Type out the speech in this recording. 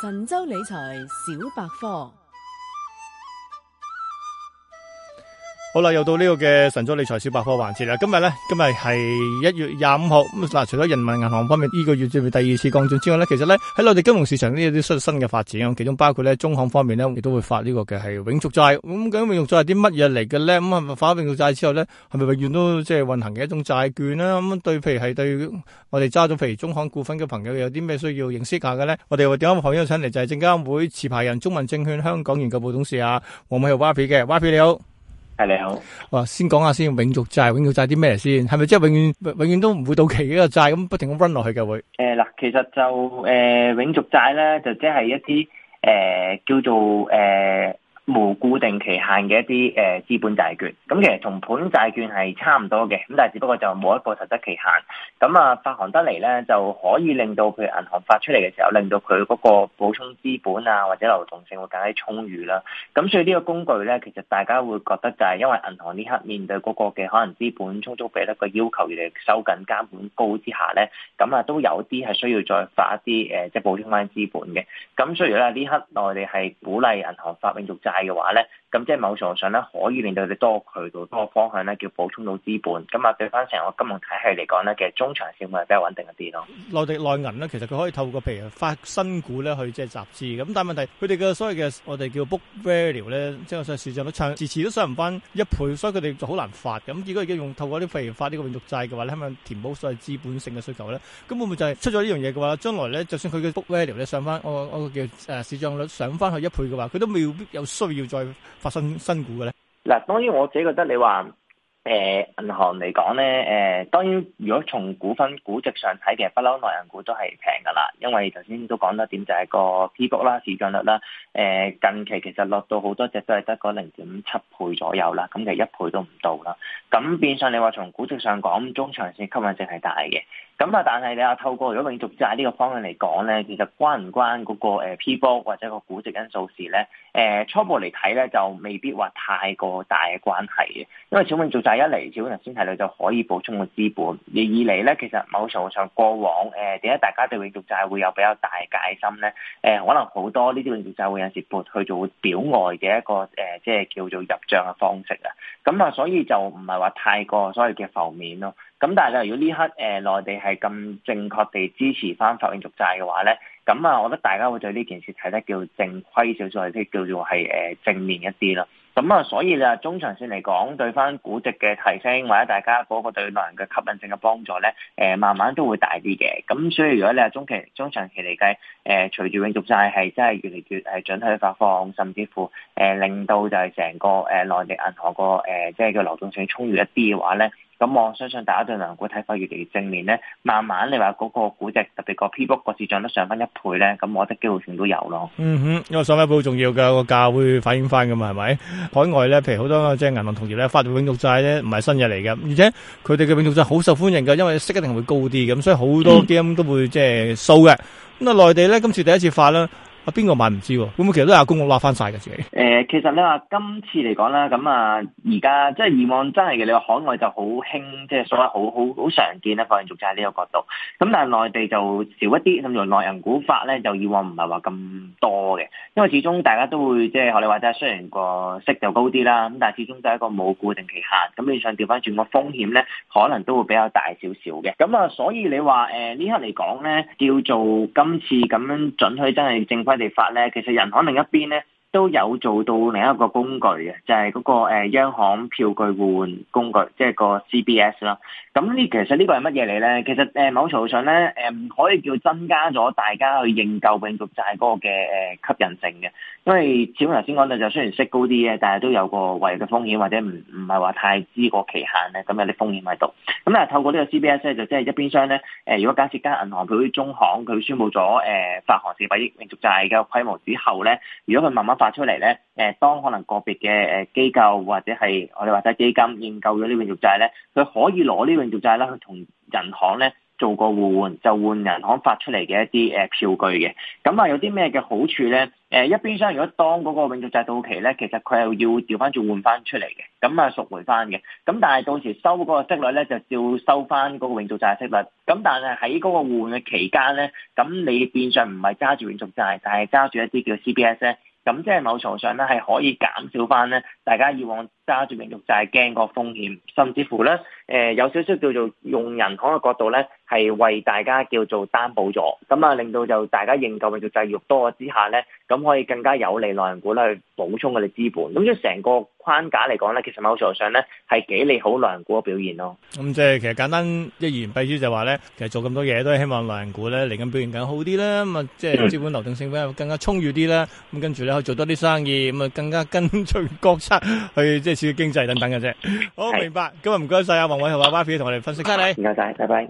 神州理財小百科。好啦，又到呢個嘅神州理財小百科環節啦。今日咧，今日係一月廿五號咁嗱。除咗人民銀行方面呢、這個月準備第二次降準之外咧，其實咧喺內地金融市場呢啲新新嘅發展，其中包括咧中行方面咧亦都會發呢個嘅係永續債。咁、嗯、究竟永續債係啲乜嘢嚟嘅咧？咁係咪發永續債之後咧係咪永遠都即係運行嘅一種債券咧？咁、嗯、對，譬如係對我哋揸咗譬如中行股份嘅朋友有啲咩需要認識下嘅咧？我哋話，點解我請咗嚟就係證監會持牌人、中民證券香港研究部董事啊，黃偉豪 y a 嘅你好。係，你好。啊！先講下先，永續債，永續債啲咩先？係咪即係永遠永遠都唔會到期嘅個債，咁不停咁 run 落去嘅會？誒，嗱，其實就誒、呃、永續債咧，就即係一啲誒、呃、叫做誒。呃無固定期限嘅一啲誒資本債券，咁其實同盤債券係差唔多嘅，咁但係只不過就冇一個實質期限。咁啊發行得嚟咧，就可以令到佢銀行發出嚟嘅時候，令到佢嗰個補充資本啊或者流動性會更加充裕啦。咁所以呢個工具咧，其實大家會覺得就係因為銀行呢刻面對嗰個嘅可能資本充足比率嘅要求越嚟越收緊，監管高之下咧，咁啊都有啲係需要再發一啲誒即係補充翻資本嘅。咁所以咧呢刻內地係鼓勵銀行發永續債。嘅話咧，咁即係某程度上咧，可以令到佢哋多渠道、多個方向咧，叫補充到資本。咁啊，對翻成個金融體系嚟講咧，其實中長線咪比較穩定一啲咯。內地內銀咧，其實佢可以透過譬如發新股咧，去即係集資。咁但係問題，佢哋嘅所謂嘅我哋叫 book value 咧，即係我哋市佔率上遲遲都上唔翻一倍，所以佢哋就好難發。咁如果而家用透過啲譬如發呢個永續債嘅話咧，希望填補所謂資本性嘅需求咧，咁會唔會就係出咗呢樣嘢嘅話，將來咧，就算佢嘅 book value 咧上翻我叫誒市佔率上翻去一倍嘅話，佢都未必有需。都要再發生新股嘅咧？嗱，當然我自己覺得你話，誒、欸，銀行嚟講咧，誒、欸，當然如果從股份估值上睇，其實不嬲內銀股都係平噶啦，因為頭先都講得點，就係個 PB 啦、市賬率啦，誒、欸，近期其實落到好多隻都只都係得個零點七倍左右啦，咁就一倍都唔到啦，咁變相你話從估值上講，中長線吸引力係大嘅。咁啊，但係你又透過如果永續債呢個方向嚟講咧，其實關唔關嗰個 PB 或者個估值因素事咧？誒初步嚟睇咧，就未必話太過大嘅關係嘅。因為小永續債一嚟，小股民先睇你就可以補充個資本；而二嚟咧，其實某程度上過往誒點解大家對永續債會有比較大戒心咧？可能好多呢啲永續債會有時撥去做表外嘅一個誒、呃，即係叫做入帳嘅方式啊。咁啊，所以就唔係話太過所謂嘅浮面咯。咁但係你話如果呢刻誒內地係咁正確地支持翻發永續債嘅話咧，咁啊，我覺得大家會對呢件事睇得叫正規少少，或者叫做係正面一啲咯。咁啊，所以你話中長線嚟講，對翻估值嘅提升或者大家嗰個對內銀嘅吸引性嘅幫助咧，慢慢都會大啲嘅。咁所以如果你話中期、中長期嚟計，誒隨住永續債係真係越嚟越係準許發放，甚至乎誒令到就係成個誒內地銀行個誒即係叫流動性充裕一啲嘅話咧。咁我相信大家對銀行股睇法越嚟越正面咧，慢慢你話嗰個估值，特別個 P book 個市漲得上翻一倍咧，咁我覺得機會性都有咯。嗯哼，因為上翻一倍好重要嘅，個價會反映翻噶嘛，係咪？海外咧，譬如好多即係銀行同業咧發永續債咧，唔係新嘢嚟嘅，而且佢哋嘅永續債好受歡迎嘅，因為息，息一定會高啲，咁所以好多基金都會即係收嘅。咁、嗯、啊，內地咧今次第一次發啦。邊、啊、個買唔知喎？會唔會其實都有公屋翻晒嘅？自己誒，其實你話今次嚟講啦，咁啊，而家即係以往真係嘅，你話海外就好興，即係所謂好好好常見啊，發永續債呢個角度。咁但係內地就少一啲，咁用內銀股發咧，就以往唔係話咁多嘅，因為始終大家都會即係學你話齋，雖然個息就高啲啦，咁但係始終都係一個冇固定期限，咁變相調翻轉個風險咧，可能都會比較大少少嘅。咁啊，所以你話誒呢刻嚟講咧，叫做今次咁樣准許真係正規嚟發咧，其實人行另一邊咧。都有做到另一個工具嘅，就係嗰個央行票據互換工具，即係個 CBS 啦。咁呢其實呢個係乜嘢嚟咧？其實誒某程度上咧唔可以叫增加咗大家去認購永續債嗰個嘅誒吸引性嘅，因為似我頭先講到就雖然息高啲嘅，但係都有個違嘅風險或者唔唔係話太知個期限咧，咁有啲風險喺度。咁啊透過呢個 CBS 咧，就即係一邊商咧誒，如果假設間銀行譬如中行佢宣布咗誒發行四百億永續債嘅規模之後咧，如果佢慢慢發。發出嚟咧，誒，當可能個別嘅誒機構或者係我哋或者基金認購咗啲永續債咧，佢可以攞呢啲永續債啦，去同銀行咧做個互換，就換銀行發出嚟嘅一啲誒票據嘅。咁啊，有啲咩嘅好處咧？誒，一邊廂如果當嗰個永續債到期咧，其實佢又要調翻轉換翻出嚟嘅，咁啊，贖回翻嘅。咁但係到時收嗰個息率咧，就照收翻嗰個永續債息率。咁但係喺嗰個互換嘅期間咧，咁你變相唔係揸住永續債，但係揸住一啲叫 CBS 咧。咁即係某程度上咧，係可以減少翻咧大家以往。揸住名玉就係驚個風險，甚至乎咧誒、呃、有少少叫做用銀行嘅角度咧，係為大家叫做擔保咗，咁啊令到就大家認購嘅叫制肉多之下咧，咁可以更加有利內銀股咧去補充佢哋資本，咁即係成個框架嚟講咧，其實某程度上咧係幾利好內銀股嘅表現咯。咁即係其實簡單一言蔽之就話咧，其實做咁多嘢都係希望內銀股咧嚟緊表現更好啲啦，咁啊即係資本流動性會更加充裕啲啦，咁跟住咧可以做多啲生意，咁啊更加跟隨國策去即係。就是嘅經濟等等嘅啫，好明白。今日唔該晒阿黃偉豪阿 Barry 同我哋分析，唔該晒。拜拜。